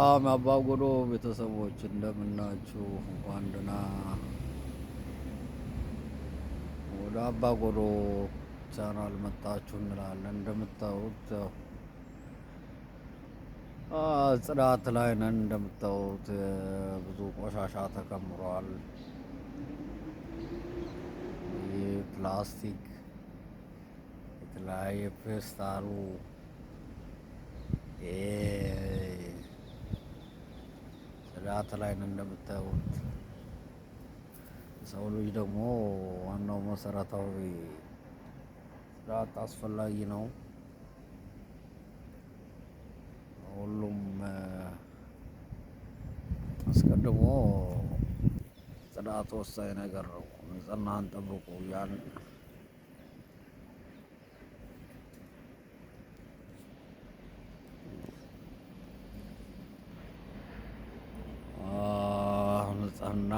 ሰላም አባጎዶ ቤተሰቦች እንደምናችሁ፣ እንኳን ደህና ወደ አባ ቻናል መጣችሁ እንላለን። እንደምታዩት ጽዳት ላይ ነን። እንደምታዩት ብዙ ቆሻሻ ተከምሯል። ፕላስቲክ፣ የተለያየ ፌስታሉ ዳት ላይ ነው እንደምታዩት። ሰው ልጅ ደግሞ ዋናው መሰረታዊ ዳት አስፈላጊ ነው። ሁሉም አስቀድሞ ጽዳት ወሳኝ ነገር ነው። ንጽህናን ጠብቁ ያን እና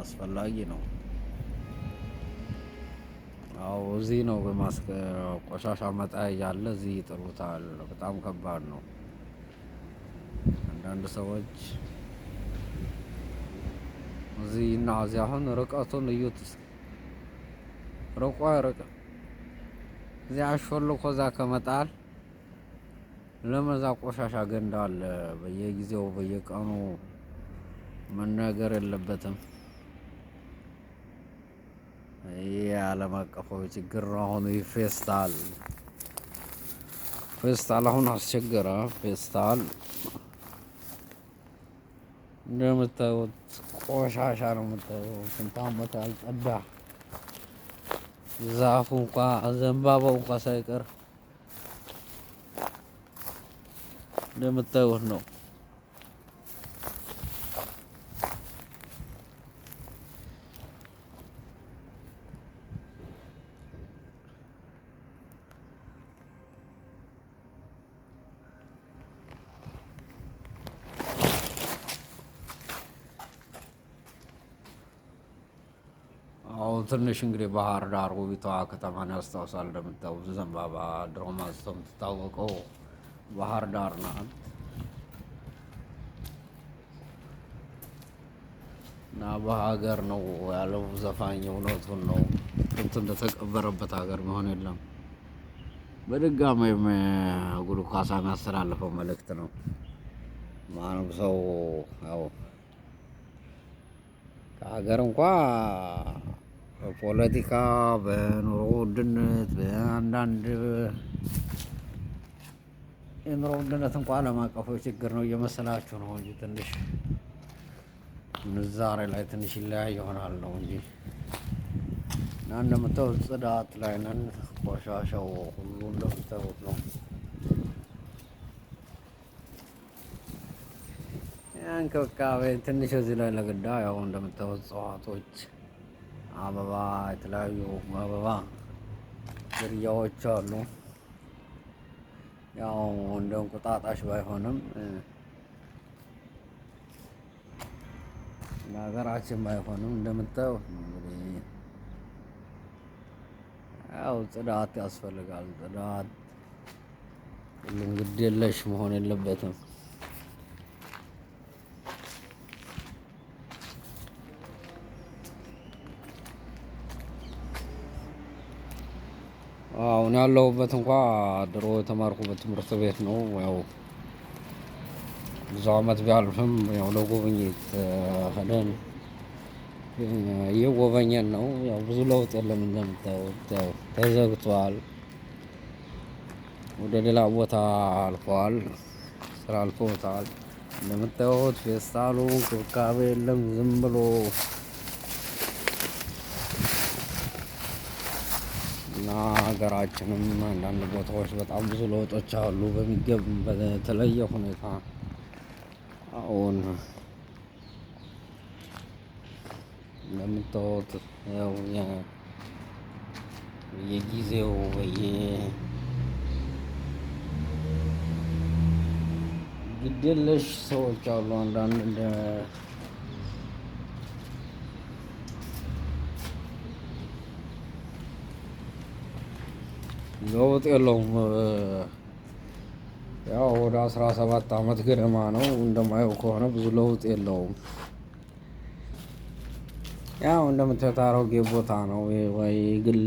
አስፈላጊ ነው። አዎ እዚህ ነው ቆሻሻ መጣያ ያለ እዚህ ይጥሉታል። በጣም ከባድ ነው። አንዳንድ ሰዎች እዚህ እና እዚህ አሁን ርቀቱን እዩት። ርቆ አይርቅም። እዚህ አሾልኮ እዛ ከመጣል ለመዛ ቆሻሻ ገንዳ አለ በየጊዜው በየቀኑ መናገር የለበትም። ይህ የዓለም አቀፋዊ ችግር ነው። አሁን ፌስታል ፌስታል አሁን አስቸገረ። ፌስታል እንደምታዩት ቆሻሻ ነው የምታየው። ስንት ዓመት ያልጸዳ ዛፉ እንኳ ዘንባባው እንኳ ሳይቀር እንደምታዩት ነው። አሁን ትንሽ እንግዲህ ባህር ዳር ውቢቷ ከተማን ያስታውሳል። እንደምታውቁት ዘንባባ ድሮም አስተው የምትታወቀው ባህር ዳር ናት እና በሀገር ነው ያለው ዘፋኝ። እውነቱን ነው ጥብት እንደተቀበረበት ሀገር መሆን የለም። በድጋሚም ጉዱ ካሳ የሚያስተላልፈው መልእክት ነው። ማንም ሰው ያው ከሀገር እንኳ በፖለቲካ፣ በኑሮ ውድነት፣ በአንዳንድ የኑሮ ውድነት እንኳ ዓለም አቀፋዊ ችግር ነው እየመሰላችሁ ነው እንጂ ትንሽ ምንዛሬ ላይ ትንሽ ይለያይ ይሆናል ነው እንጂ እና እንደምታዩት ጽዳት ላይ ነን። ቆሻሻው ሁሉ እንደምታዩት ነው። እንክብካቤ ትንሽ እዚህ ላይ ለግዳ ያው እንደምታዩት እጽዋቶች አበባ የተለያዩ አበባ ዝርያዎች አሉ። ያው እንደ እንቁጣጣሽ ባይሆንም ለሀገራችን ባይሆንም እንደምታዩት እንግዲህ ያው ጽዳት ያስፈልጋል። ጽዳት ሁሉም ግድ የለሽ መሆን የለበትም። አሁን ያለሁበት እንኳ ድሮ የተማርኩበት ትምህርት ቤት ነው። ያው ብዙ አመት ቢያልፍም ያው ለጉብኝት ሄደን እየጎበኘን ነው። ያው ብዙ ለውጥ የለም እንደምታዩት፣ ያው ተዘግቷል። ወደ ሌላ ቦታ አልፈዋል፣ ስራ አልፈውታል። እንደምታዩት ፌስታሉ እንክብካቤ የለም ዝም ብሎ እና ሀገራችንም አንዳንድ ቦታዎች በጣም ብዙ ለውጦች አሉ። በሚገብ በተለየ ሁኔታ አሁን እንደምታወት ያው የጊዜው ግዴለሽ ሰዎች አሉ አንዳንድ ለውጥ የለውም። ያው ወደ አስራ ሰባት አመት ገደማ ነው እንደማየው ከሆነ ብዙ ለውጥ የለውም። ያው እንደምታዩት አሮጌ ቦታ ነው ወይ ግል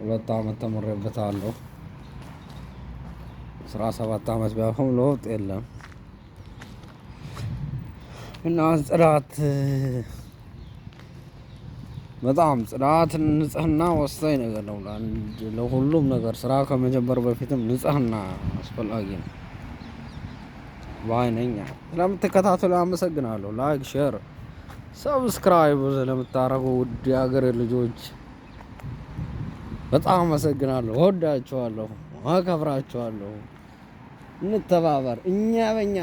ሁለት ዓመት ተምሬበታለሁ። አስራ ሰባት ቢያልፍም ለውጥ የለም እና ጽዳት በጣም ጽዳት ንጽህና ወሳኝ ነገር ነው። ለሁሉም ነገር ስራ ከመጀመር በፊትም ንጽህና አስፈላጊ ነው በአይነኛ ስለምትከታተሉ አመሰግናለሁ። ላይክ፣ ሼር፣ ሰብስክራይብ ስለምታደረጉ ውድ የሀገር ልጆች በጣም አመሰግናለሁ። ወዳችኋለሁ፣ አከብራችኋለሁ። እንተባበር። እኛ በኛ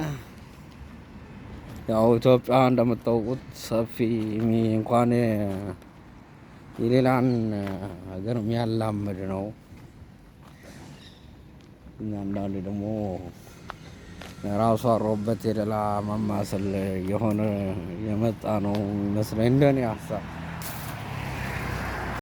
ያው ኢትዮጵያ እንደምታውቁት ሰፊ እንኳን የሌላን ሀገር የሚያላምድ ነው። አንዳንዴ ደግሞ ራሱ አሮበት የሌላ መማሰል የሆነ የመጣ ነው ይመስለኝ እንደኔ ሀሳብ።